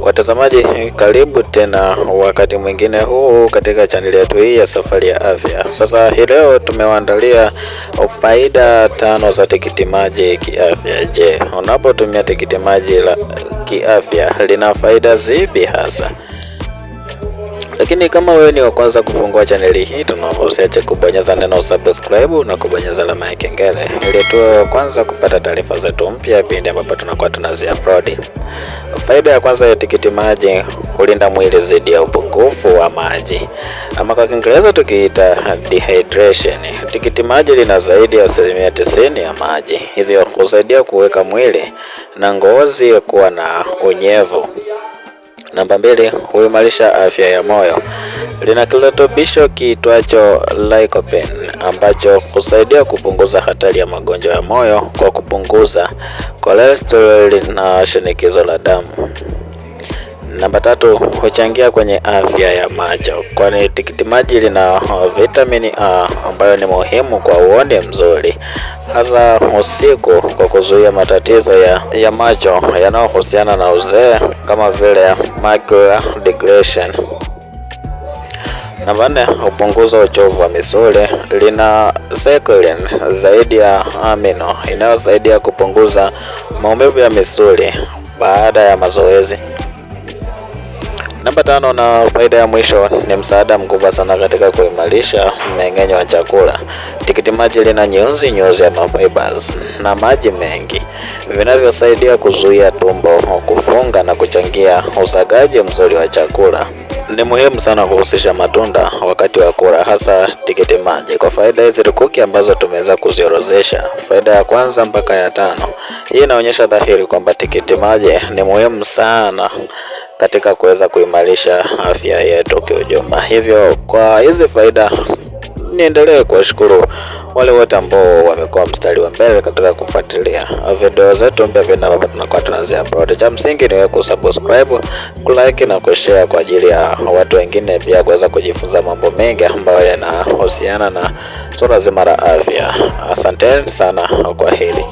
Watazamaji, karibu tena wakati mwingine huu katika chaneli yetu hii ya Safari ya Afya. Sasa hii leo tumewaandalia faida tano za tikiti maji kiafya. Je, unapotumia tikiti maji la kiafya lina faida zipi hasa? Lakini kama wewe ni wa kwanza kufungua chaneli hii, tunaomba usiache kubonyeza neno subscribe na kubonyeza alama ya kengele ili tuwe wa kwanza kupata taarifa zetu mpya pindi ambapo tunakuwa tunazi upload. Faida ya kwanza ya tikiti maji, hulinda mwili dhidi ya upungufu wa maji, ama kwa Kiingereza tukiita dehydration. Tikiti maji lina zaidi ya asilimia tisini ya maji, hivyo husaidia kuweka mwili na ngozi kuwa na unyevu. Namba mbili, huimarisha afya ya moyo. Lina kirutubisho kiitwacho lycopene ambacho husaidia kupunguza hatari ya magonjwa ya moyo kwa kupunguza cholesterol na shinikizo la damu. Namba tatu, huchangia kwenye afya ya macho, kwani tikiti maji lina uh, vitamini A uh, ambayo ni muhimu kwa uone mzuri, hasa usiku, kwa kuzuia matatizo ya, ya macho yanayohusiana na uzee kama vile macular degeneration. Namba nne, hupunguza uchovu wa misuli. Lina sekelin zaidi ya amino inayosaidia kupunguza maumivu ya misuli baada ya mazoezi. Namba tano na faida ya mwisho ni msaada mkubwa sana katika kuimarisha mmeng'enyo wa chakula. Tikiti maji lina nyuzi nyuzi ya fibers na maji mengi vinavyosaidia kuzuia tumbo kufunga na kuchangia usagaji mzuri wa chakula. Ni muhimu sana kuhusisha matunda wakati wa kula, hasa tikiti maji, kwa faida hizi lukuki ambazo tumeweza kuziorozesha, faida ya kwanza mpaka ya tano. Hii inaonyesha dhahiri kwamba tikiti maji ni muhimu sana katika kuweza kuimarisha afya yetu kiujumla. Hivyo kwa hizi faida, niendelee kuwashukuru wale wote ambao wamekuwa mstari wa mbele katika kufuatilia video zetu mpya vile ambavyo tunakuwa tunazia upload. Cha msingi ni wewe kusubscribe, kulike na kushare kwa ajili ya watu wengine pia kuweza kujifunza mambo mengi ambayo yanahusiana na sura zima la afya. Asanteni sana kwa hili.